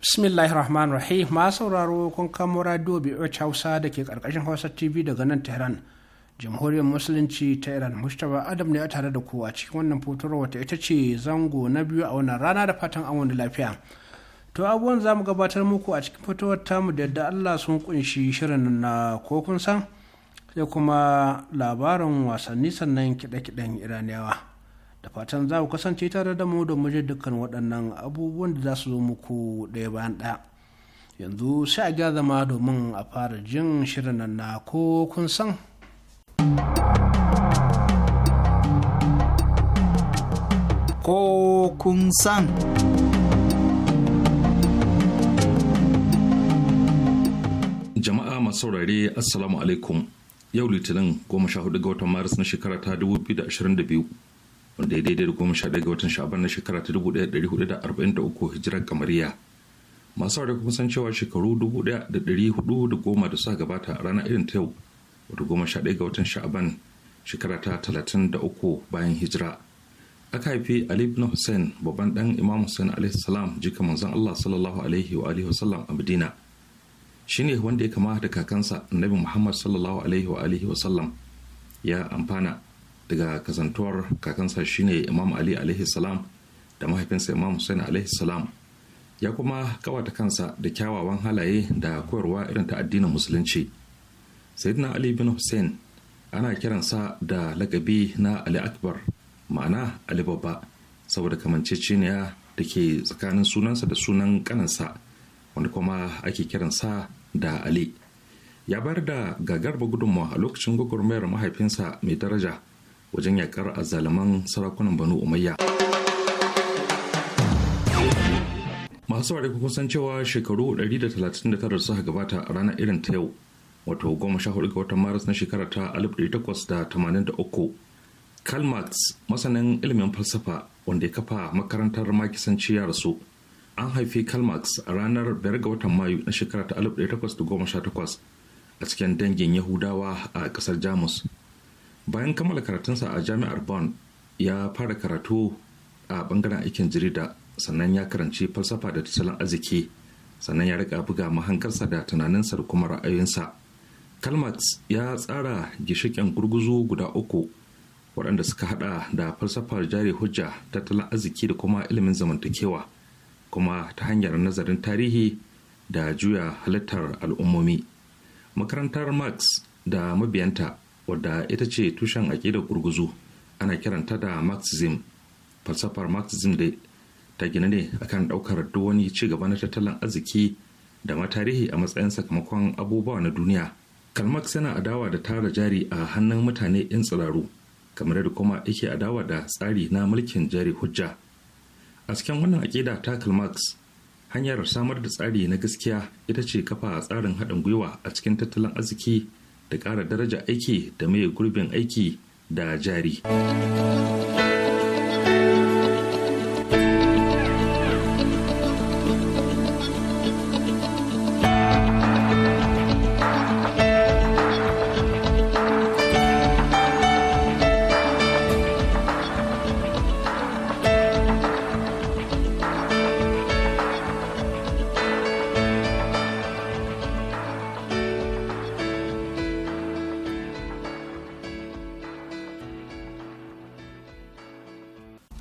bismillahir rahmanir rahim ma sauraro kun kamo radio bi hausa da ke karkashin hausa tv daga nan tehran jamhuriyar musulunci ta iran mustapha adam ne a tare da kowa cikin wannan fotowar wata ita ce zango na biyu a wannan rana da fatan an wani lafiya to abubuwan za mu gabatar muku a cikin ta mu da yadda allah sun kunshi shirin na ko kun san sai kuma labarin wasanni sannan kiɗe-kiɗen iraniyawa da fatan za ku kasance tare da mu da muje dukkan waɗannan abubuwan da za su zo muku ɗaya bayan ɗaya yanzu sai a gyara zama domin a fara jin shirin nan na ko kun san ko kun san jama'a masu saurare assalamu alaikum yau litinin 14 ga watan maris na shekara ta 2022 wanda ya daidai da goma sha ɗaya ga watan sha'aban na shekara ta dubu ɗaya ɗari hudu da arba'in da uku hijirar kamariya masu aure kuma san cewa shekaru dubu ɗaya da ɗari hudu da goma da suka gabata a ranar irin ta yau wata goma sha ɗaya ga watan sha'aban shekara ta talatin da uku bayan hijira aka haifi ali ibn hussein babban ɗan imam hussein alaihi salam jika manzon allah sallallahu alaihi wa alihi wasallam a madina shine wanda ya kama da kakansa annabi muhammad sallallahu alaihi wa alihi wasallam ya amfana daga kasantuwar kakansa shine imam ali alaihi salam da mahaifinsa imam hussein alaihi salam ya kuma kawata kansa da kyawawan halaye da koyarwa irin ta addinin musulunci sayyidina ali bin hussein ana kiransa da lakabi na ali akbar ma'ana ali babba saboda kamanceceniya da ke tsakanin sunansa da sunan kanansa wanda kuma ake kiransa da ali ya bayar da gagarba gudunmawa a lokacin gwagwarmayar mahaifinsa mai daraja wajen yakar azalaman sarakunan banu umayya masu saurari kun san cewa shekaru 139 suka gabata a ranar irin ta yau wato 14 ga watan maris na shekara ta 1883 karl marx masanin ilimin falsafa wanda ya kafa makarantar makisanci ya rasu an haifi karl marx a ranar 5 ga watan mayu na shekara ta 1818 a cikin dangin yahudawa a kasar jamus bayan kammala karatunsa a jami'ar bonn ya fara karatu a bangaren aikin jarida sannan ya karanci falsafa da tattalin arziki sannan ya rika buga mahankarsa da tunaninsa da kuma ra'ayoyinsa kalmat ya tsara gishikin gurguzu guda uku waɗanda suka hada da falsafar jari hujja tattalin arziki da kuma ilimin zamantakewa kuma ta hanyar nazarin tarihi da juya halittar al'ummomi makarantar marx da mabiyanta wadda ita ce tushen aƙidar gurguzu ana kiranta da marxism falsafar marxism da ta gina ne akan ɗaukar duk wani ci gaba na tattalin arziki da ma tarihi a matsayin sakamakon abubuwa na duniya kalmax yana adawa da tara jari a hannun mutane in tsiraru kamar yadda kuma yake adawa da tsari na mulkin jari hujja a cikin wannan aƙida ta kalmax hanyar samar da tsari na gaskiya ita ce kafa tsarin haɗin gwiwa a cikin tattalin arziki da ƙara daraja aiki da mai gurbin aiki da jari.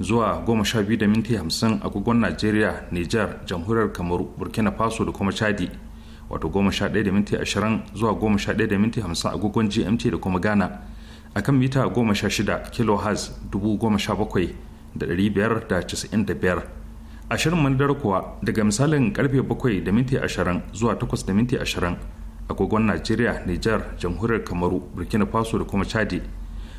zuwa goma sha biyu da agogon najeriya niger jamhuriyar kamaru burkina faso da kuma chadi wato goma sha ɗaya zuwa goma sha ɗaya agogon gmt da kuma ghana a kan mita goma sha shida A dubu goma sha bakwai da da da biyar ashirin kuwa daga misalin karfe bakwai da minti ashirin zuwa takwas da minti agogon najeriya niger jamhuriyar kamaru burkina faso da kuma chadi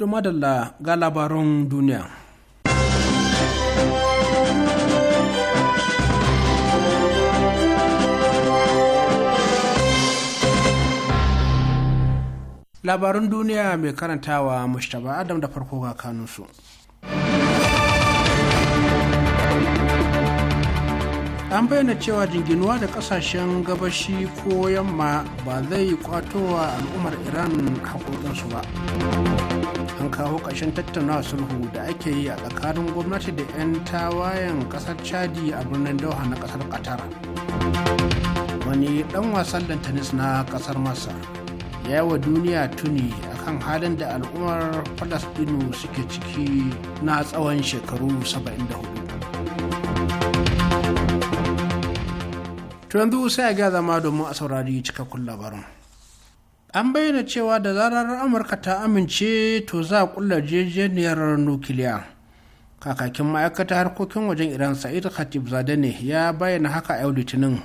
To madalla ga labaran duniya. labarun duniya mai karantawa Mustapha Adam da farko ga kanunsu. an bayyana cewa jinginuwa da kasashen gabashi ko yamma ba zai kwatowa al'ummar iran haƙoƙinsu ba an kawo ƙarshen tattauna sulhu da ake yi a tsakanin gwamnati da 'yan tawayen ƙasar chadi a birnin doha na ƙasar qatar wani ɗan wasan lantanis na ƙasar masar ya yi wa duniya tuni akan halin da al'ummar Falasɗinu suke ciki na tsawon shekaru 74 to yanzu sai a ga zama domin a saurari cikakkun labarin an bayyana cewa da zarar amurka ta amince to za a kulla jejeniyar nukiliya kakakin ma'aikatar harkokin wajen iran sa'id khatib zade ne ya bayyana haka yau litinin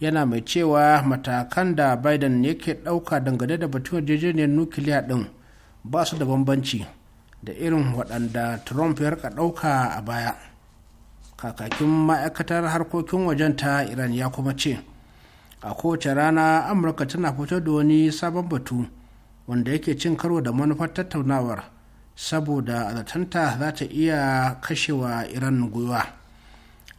yana mai cewa matakan da biden yake ɗauka dangane da batun jejeniyar nukiliya ɗin ba su da bambanci da irin waɗanda trump ya rika ɗauka a baya kakakin ma'aikatar harkokin wajen ta iran ya kuma ce a kowace rana amurka tana fito da wani sabon batu wanda yake cin karo da manufar tattaunawar saboda zatanta za ta iya kashewa iran gwiwa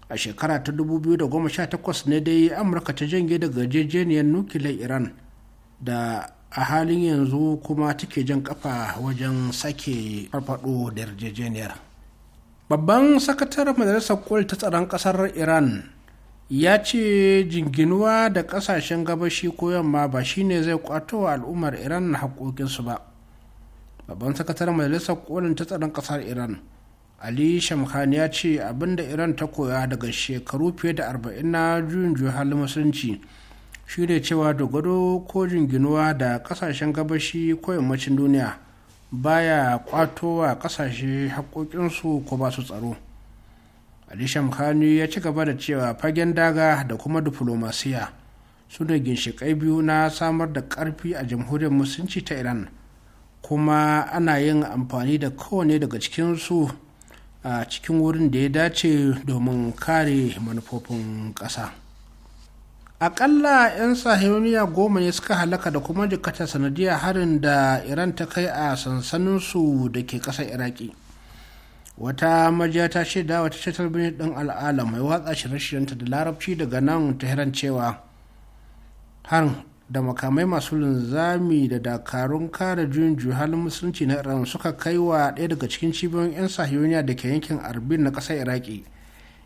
a shekara ta 2018 ne dai amurka ta jange daga yarjejeniyar nukiliyar iran da a halin yanzu kuma take jan kafa wajen sake farfado da yarjejeniyar babban sakataren majalisar kwal ta tsaron kasar iran ya ce jinginuwa da kasashen gabashi ko yamma ba shine zai kwato wa al'ummar iran na haƙoƙinsu ba babban sakataren majalisar kolin ta tsaron ƙasar iran ali shamkhani ya ce abinda iran ta koya daga shekaru fiye da arba'in na juyin halin musulunci shine cewa dogaro ko jinginuwa da kasashen gabashi ko yammacin duniya baya kwato wa kasashe haƙoƙinsu ko ba su tsaro alisham kani ya ci gaba da cewa fagen daga da kuma diflomasiya su da ginshiƙai biyu na samar da ƙarfi a jamhuriyar musulunci ta iran kuma ana yin amfani da kowane daga cikinsu a cikin wurin da ya dace domin kare manufofin ƙasa aƙalla 'yan sahiyoniya goma ne suka halaka da kuma jikata sanadiyar harin da iran ta kai a sansaninsu da ke ƙasar iraki wata majiya ta shaida wata shatar birnin ɗin al'ala mai watsa shirye-shiryenta da larabci daga nan tehran cewa har da makamai masu linzami da dakarun kare juyin halin musulunci na iran suka kai wa ɗaya daga cikin cibiyoyin 'yan sahiyoniya da ke yankin arbin na ƙasar iraki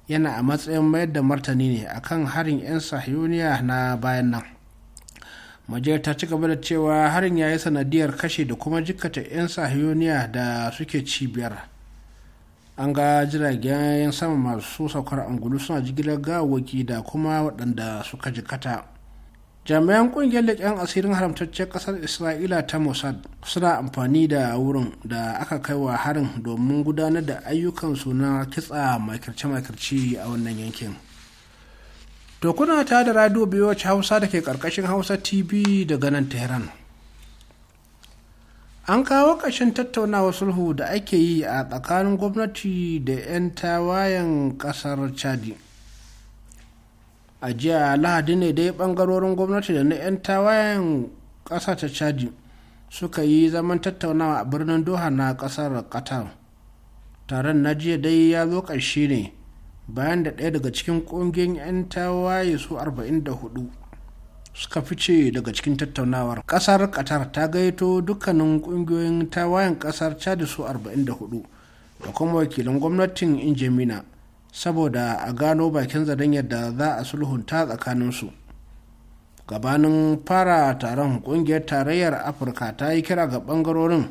yana a matsayin mayar da martani ne akan harin 'yan sahiyoniya na bayan nan majiyar ta ci gaba da cewa harin ya yi sanadiyar kashe da kuma jikkata 'yan sahiyoniya da suke cibiyar an ga jiragen sama masu saukar angulu suna jigilar gawaki da kuma waɗanda suka jikata jami'an ƙungiyar leƙen asirin haramtaccen ƙasar isra'ila ta mossad suna amfani da wurin da aka kai wa harin domin gudanar da ayyukan na kitsa makirce-makirce a wannan yankin to ta da radio biyu wacce hausa da ke ƙarƙashin hausa tv daga nan tehran an kawo ƙarshen tattaunawa sulhu da ake yi a tsakanin gwamnati da 'yan tawayen ƙasar chadi a jiya lahadi ne dai ɓangarorin gwamnati da na 'yan tawayen ƙasa ta chadi suka yi zaman tattaunawa a birnin doha na ƙasar qatar taron na jiya dai ya zo ƙarshe ne bayan da ɗaya daga cikin ƙungiyar 'yan tawaye su 44 suka fice daga cikin tattaunawar kasar qatar ta gaito dukkanin kungiyoyin tawayen kasar chad su 44 da kuma wakilin gwamnatin injimina saboda a gano bakin zaren yadda za a sulhunta tsakaninsu gabanin fara taron kungiyar tarayyar afirka ta yi kira ga bangarorin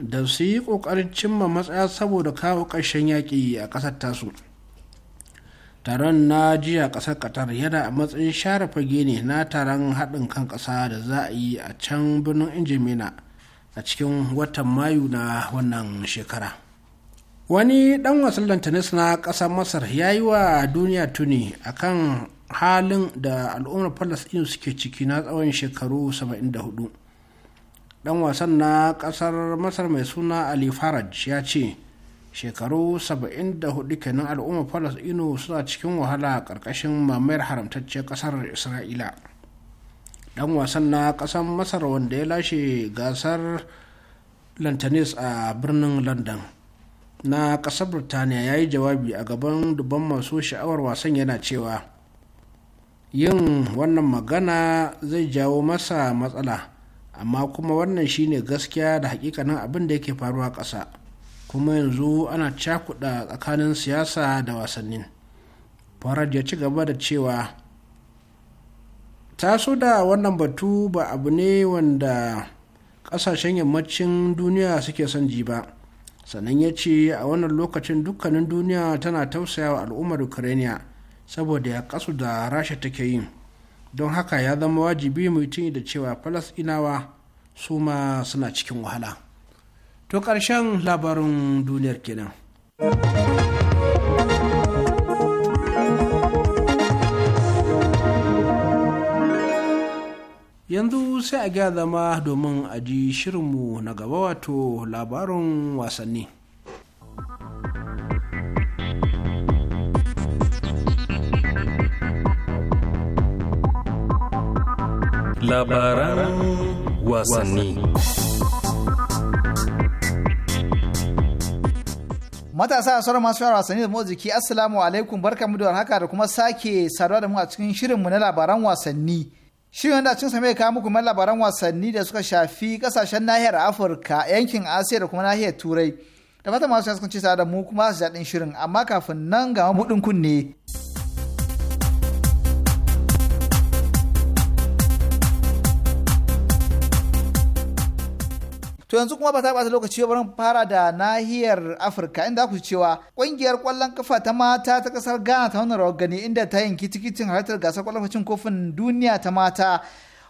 da su yi kokarin cimma matsaya saboda kawo ƙarshen yaƙi a ƙasar tasu. taron na jiya ƙasar qatar yana a matsayin share fage ne na taron haɗin kan ƙasa da za a yi a can birnin injimina a cikin watan mayu na wannan shekara wani ɗan wasan lantanis na ƙasar masar ya yi wa duniya tuni a kan halin da al'ummar ɗin suke ciki na tsawon shekaru 74 ɗan wasan na ƙasar masar mai suna ali faraj ya ce shekaru 74 kenan al'ummar falasɗinu suna cikin wahala ƙarƙashin mamayar haramtacciyar ƙasar isra'ila dan wasan na ƙasar masar wanda ya lashe gasar lantanis a birnin london na ƙasar birtaniya ya yi jawabi a gaban dubban masu sha'awar wasan yana cewa yin wannan magana zai jawo masa matsala amma kuma wannan shine gaskiya da hakikanin abin da yake faruwa ƙasa kuma yanzu ana cakuɗa tsakanin siyasa da wasannin farad ya ci gaba da cewa taso da wannan batu ba abu ne wanda ƙasashen yammacin duniya suke son ji ba sannan ya ce a wannan lokacin dukkanin duniya tana tausaya wa al'ummar ukraine saboda ya kasu da rasha take yi don haka ya zama wajibi mutum da cewa falasɗinawa su ma suna cikin wahala. to ƙarshen labarin duniyar kenan. yanzu sai a gaya zama domin a ji shirinmu na gaba wato labarin wasanni labaran wasanni matasa a sauran masu shawara wasanni da motsa jiki assalamu alaikum mu da haka da kuma sake saduwa da mu a cikin shirin mu na labaran wasanni shirin wanda cin same kawo muku mai labaran wasanni da suka shafi kasashen nahiyar afirka yankin asiya da kuma nahiyar turai da fata masu sun ci da mu kuma su daɗin shirin amma kafin nan ga mabuɗin kunne. To yanzu kuma ba ta ɓata lokaci ba barin fara da nahiyar Afirka inda ku cewa ƙungiyar ƙwallon kafa ta mata ta ƙasar Ghana ta wannan rawar gani inda ta yanki tikitin halartar gasar ƙwallon kofin duniya ta mata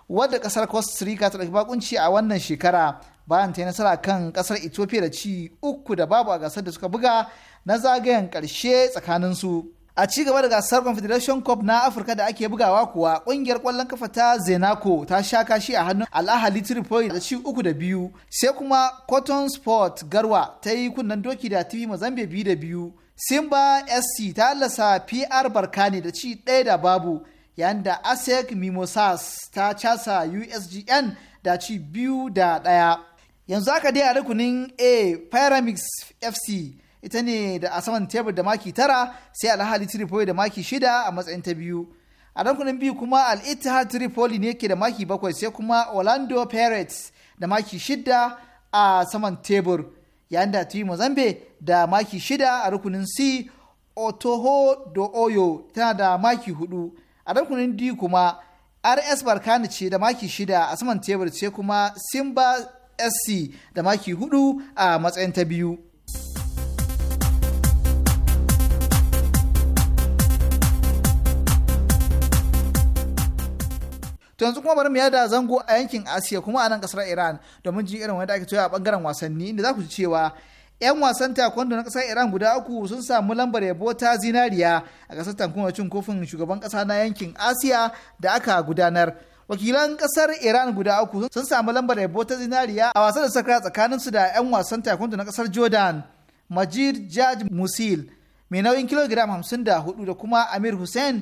wadda ƙasar Costa Rica ta ɗauki bakunci a wannan shekara bayan ta yi nasara kan ƙasar Ethiopia da ci uku da babu a gasar da suka buga na zagayen ƙarshe tsakaninsu. su. a ci gaba da gasar confederation cup na afirka da ake bugawa kuwa ƙungiyar kwallon kafa ta zenako ta sha kashi a hannun al'ahali tripoli da ci uku da biyu sai kuma cotton sport garwa ta yi kunnen doki da tv mazambe biyu da biyu simba sc ta lasa pr barkane da ci ɗaya da babu yayin da asec mimosas ta casa usgn da ci biyu da ɗaya yanzu aka dai a rukunin a pyramids fc ita ne da a saman tebur da maki tara sai alhali tripoli da maki shida a matsayin ta biyu a rankunan biyu kuma al tripoli ne ke da maki bakwai sai kuma orlando pirates da maki shida a saman tebur yayin da tui mozambe da maki shida a rukunin c otoho do oyo tana da maki hudu a rukunin d kuma rs barkani ce da maki shida a saman tebur sai kuma simba sc da maki hudu a matsayin ta biyu. to yanzu kuma bari mu yada zango a yankin asiya kuma a nan kasar iran domin jin irin wanda ake toya a bangaren wasanni inda za ku ji cewa 'yan wasan taekwondo na kasar iran guda uku sun samu lambar yabo ta zinariya a kasar tankuma cin kofin shugaban kasa na yankin asiya da aka gudanar wakilan kasar iran guda uku sun samu lambar yabo ta zinariya a wasan da suka tsakanin su da 'yan wasan taekwondo na kasar jordan majid jaj musil mai nauyin kilogiram 54 da kuma amir hussein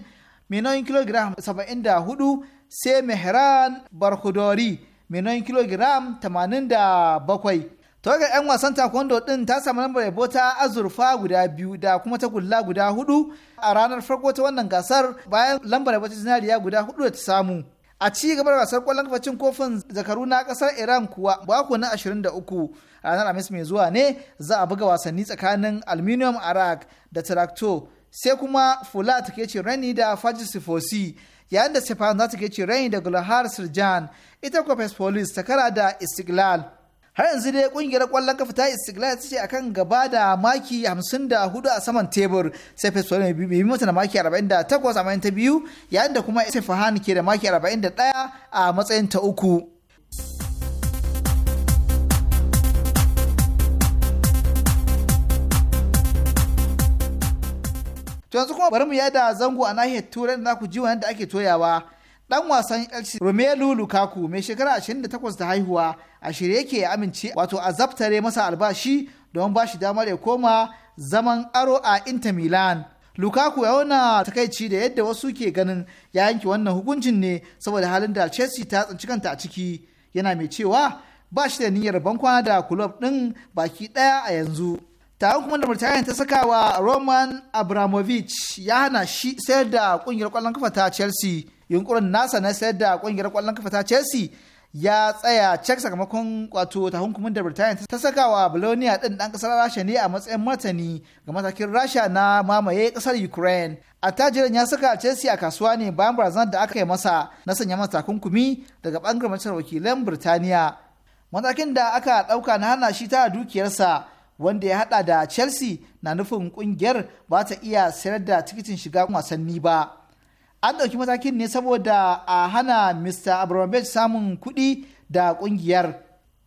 mai nauyin kilogiram 74 sai mehran barkudori mai nauyin kilogiram 87 tawagar 'yan wasan taekwondo din ta samu lambar yabo ta azurfa guda biyu da kuma ta gulla guda hudu a ranar farko ta wannan gasar bayan lambar yabo ta zinariya guda hudu da ta samu a ci gaba da gasar kwallon kafacin kofin zakaru na kasar iran kuwa bako na 23 ranar amis mai zuwa ne za a buga wasanni tsakanin aluminium arak da tarakto sai kuma fulat ke ce rani da fajisifosi yayin da Stefan za ta ci rain da Gulhar Sirjan ita kuwa Police ta kara da Istiklal. Har yanzu dai kungiyar kwallon kafa ta Istiklal ta ce akan gaba da maki 54 a saman tebur sai Fes Police mai yi mata da maki 48 a matsayin ta biyu yayin da kuma Isfahan ke da maki 41 a matsayin ta uku. yanzu kuma bari mu yada zango a nahiyar Turai da ku ji wanda ake toyawa. Dan wasan LC Romelu Lukaku mai shekara 28 da haihuwa a shirye yake ya amince wato a zaftare masa albashi don ba shi damar ya koma zaman aro a Inter Milan. Lukaku ya wana takaici da yadda wasu ke ganin ya yanke wannan hukuncin ne saboda halin da Chelsea ta tsinci kanta a ciki yana mai cewa ba shi da niyyar bankwana da kulob din baki daya a yanzu. ta kuma da Birtaniya ta saka wa Roman Abramovich ya hana shi sayar da kungiyar kwallon kafa ta Chelsea. Yunkurin nasa na sayar da kungiyar kwallon kafa ta Chelsea ya tsaya cek sakamakon wato tahunkumin da Birtaniya ta saka wa Bologna din dan kasar Rasha ne a matsayin martani ga matakin Rasha na mamaye kasar Ukraine. Attajirin ya saka Chelsea a kasuwa ne bayan barazanar da aka yi masa na sanya masa takunkumi daga bangaren wakilan Birtaniya. Matakin da aka dauka na hana shi ta dukiyarsa wanda ya hada da chelsea na nufin kungiyar ba ta iya sayar da tikitin shiga wasanni ba an ɗauki matakin ne saboda a hana mr abramovich samun kuɗi da kungiyar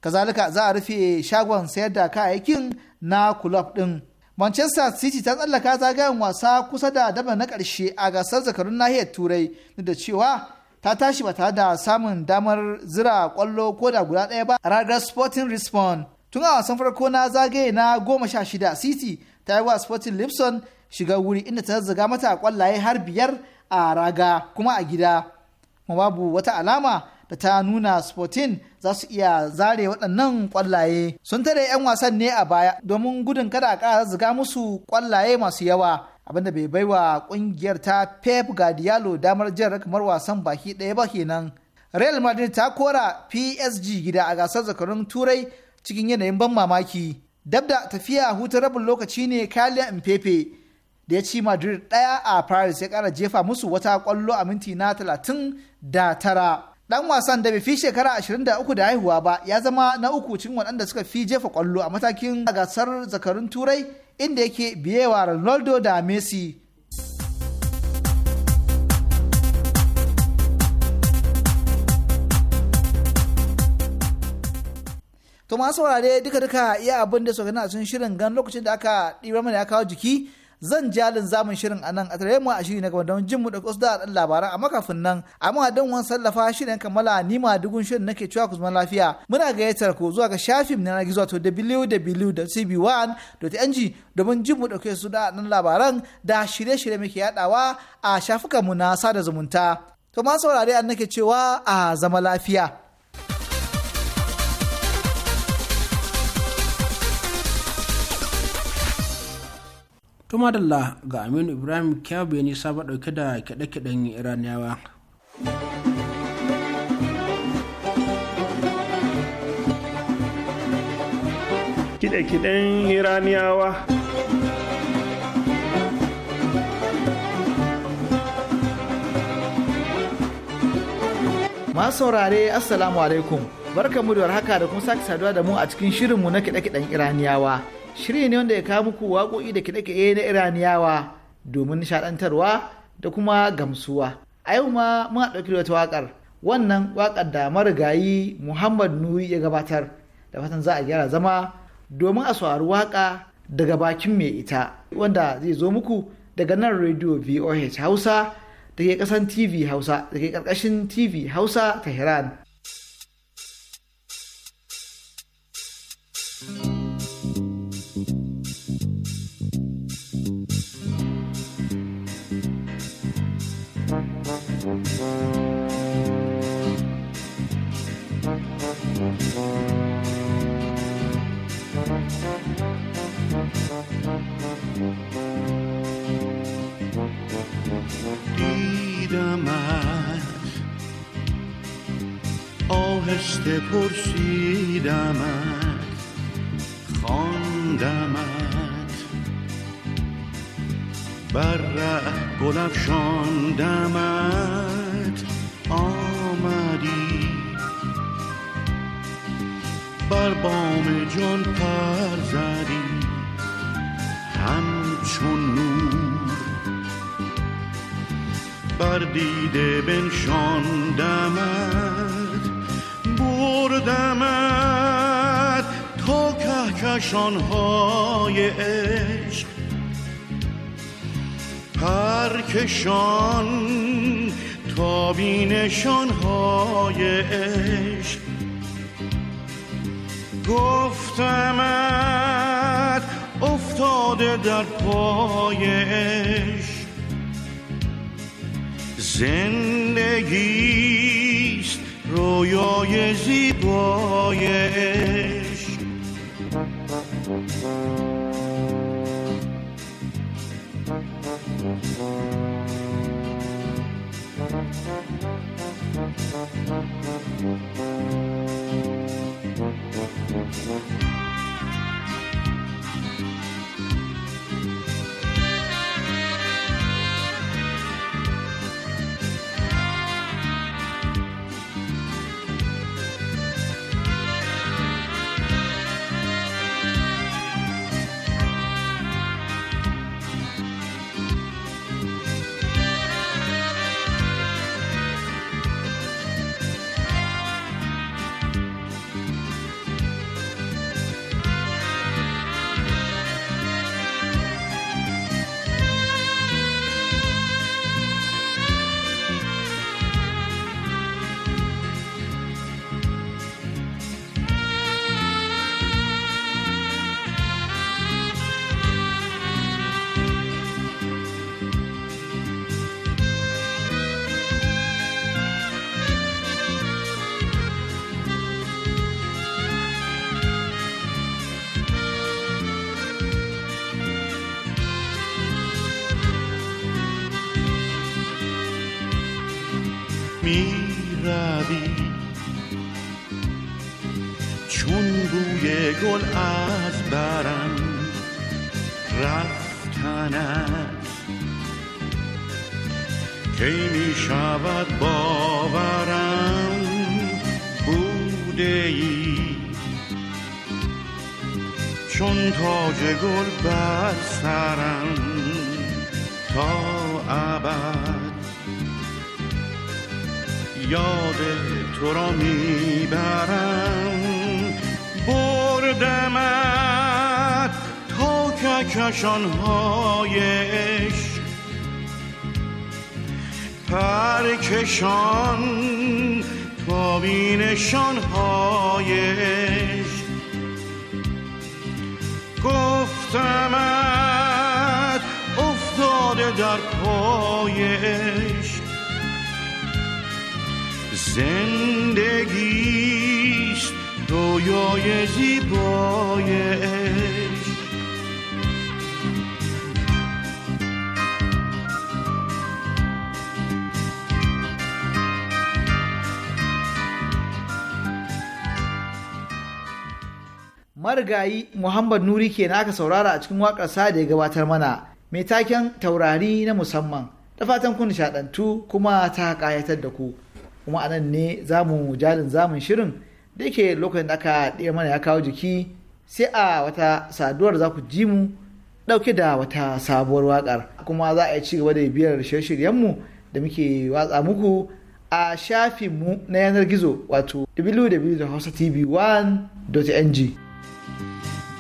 kazalika za a rufe shagon sayar da kayayyakin na kulob ɗin manchester city ta tsallaka zagayen wasa kusa da daba na ƙarshe a gasar zakarun nahiyar turai da cewa ta tashi ba tare da samun damar zira kwallo ko da guda ɗaya ba a ragar sporting Response. tun a wasan farko na zagaye na goma sha shida city ta yi wa sporting lipson shiga wuri inda ta zazzaga mata kwallaye har biyar a raga kuma a gida kuma babu wata alama da ta nuna sporting za su iya zare waɗannan kwallaye sun tare 'yan wasan ne a baya domin gudun kada a ƙara zazzaga musu kwallaye masu yawa abinda bai baiwa ƙungiyar ta pep guardiola damar jin rakamar wasan baki ɗaya ba kenan real madrid ta kora psg gida a gasar zakarun turai cikin yanayin ban mamaki dab da tafiya hutun rabin lokaci ne kaliya mpepe da ya ci madrid ɗaya a paris ya ƙara jefa musu wata ƙwallo a minti na talatin da tara ɗan wasan da bai fi shekara 23 da haihuwa ba ya zama na uku cikin waɗanda suka fi jefa ƙwallo a matakin gasar zakarun turai inda yake biyewa ronaldo da messi to masu saurare duka duka iya abin da suka sun shirin gan lokacin da aka ɗiba mana ya kawo jiki zan jalin zamun shirin a nan a tare mu a shiri na gaba don jin mu da kusa da labaran a makafin nan amma don wani sallafa shirin kammala ni ma dugun shirin nake cewa ku zama lafiya muna gayyatar ku zuwa ga shafin na gizo to www.cb1.ng domin jin mu da kusa da labaran da shirye-shirye muke yadawa a shafukanmu na sada zumunta to ma saurare an nake cewa a zama lafiya. to madalla ga aminu ibrahim kyabu ya nisa ba dauke da kiɗe-kiɗen iraniyawa kiɗe saurare assalamu alaikum barkamu da haka da kun sake saduwa da mu a cikin shirinmu na kiɗe-kiɗen iraniyawa shirye ne wanda ya kawo muku waƙoƙi da kiɗe-kiɗe na iraniyawa domin nishaɗantarwa da kuma gamsuwa a yau ma muna ɗauki wata waƙar wannan waƙar da marigayi muhammad nuyi ya gabatar da fatan za a gyara zama domin a saurari waƙa daga bakin mai ita wanda zai zo muku daga nan rediyo voh hausa da ke ƙasan tv hausa da ke ƙarƙashin tv hausa hiran بر بام جان پر زدی همچون نور بر دیده دمد بردمد تا های عشق پرکشان تا بینشانهای عشق گفتم، افتاده در پایش زندگیست رویای زیبایش گل بر سرم تا ابد یاد تو را میبرم بردمت تا کهکشان های پرکشان تا بینشان هایش گفتم افتاده در پایش زندگیش رویای زیبایش marigayi muhammad nuri ke aka saurara a cikin wakar da ya gabatar mana mai taken taurari na musamman da fatan kun nishaɗantu kuma ta ƙayatar da ku kuma anan ne za mu jalin zamun shirin da yake lokacin da aka ɗaya mana ya kawo jiki sai a wata saduwar za ku ji mu ɗauke da wata sabuwar wakar. kuma za a yi ci gaba da biyar shirye-shiryenmu da muke watsa muku a shafinmu na yanar gizo wato www.hausatv1.ng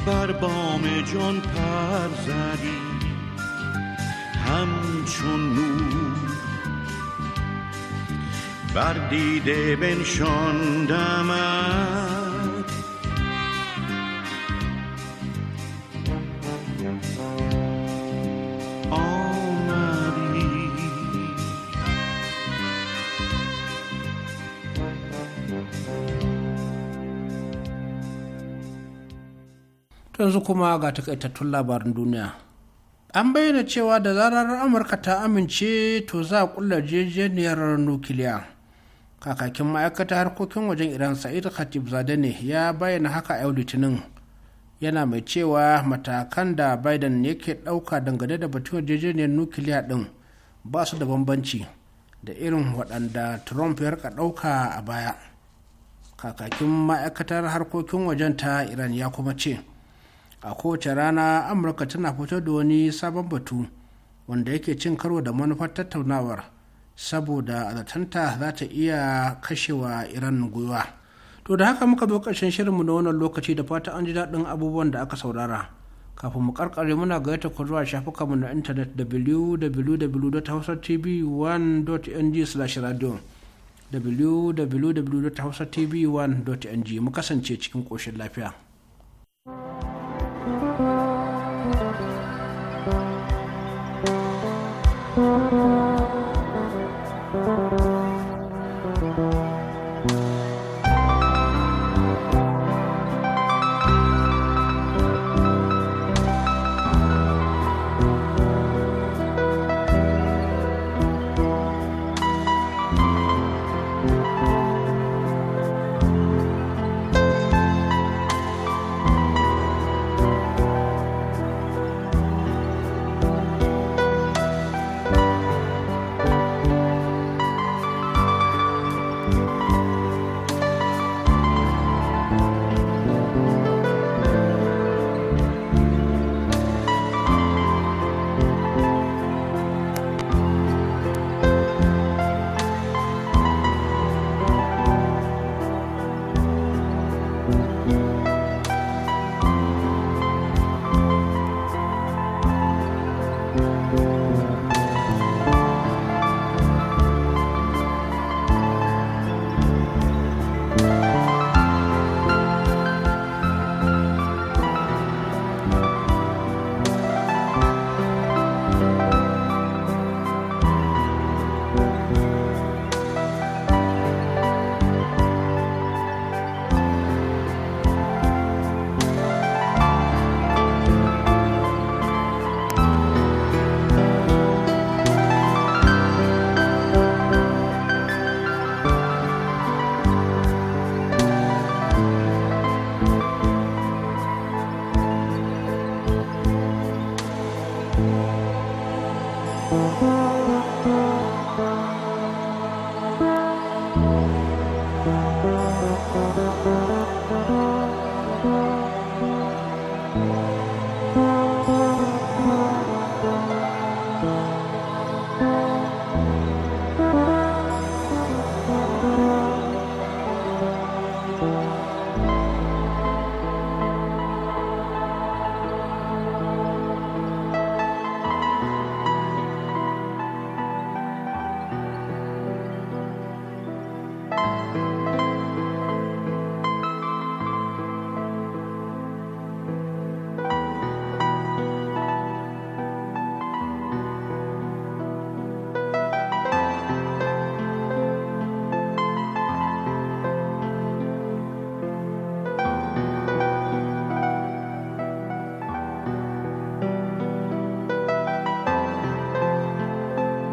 بر بام جان پر زدی همچون نور بر دیده بنشاندمت yanzu kuma ga takaitattun labarin duniya an bayyana cewa da zarar amurka ta amince to za a kulla jejeniyar nukiliya kakakin ma'aikatar harkokin wajen iran sa'id khatib zade ne ya bayyana haka yau litinin yana mai cewa matakan da biden yake ɗauka dangane da batun yarjejeniyar nukiliya ɗin ba su da bambanci da irin waɗanda trump ya rika ɗauka a baya kakakin ma'aikatar harkokin wajen ta iran ya kuma ce a kowace rana amurka tana fito da wani sabon batu wanda yake cin karo da manufar tattaunawar saboda azatanta za ta iya kashewa iran gwiwa to da haka muka zo ƙarshen shirinmu na wannan lokaci da fata an ji daɗin abubuwan da aka saurara kafin mu karkare muna gayyata ku zuwa shafukanmu na intanet www.hausatv1.ng/radio www.hausatv1.ng mu kasance cikin ƙoshin lafiya. Thank you. Thank you.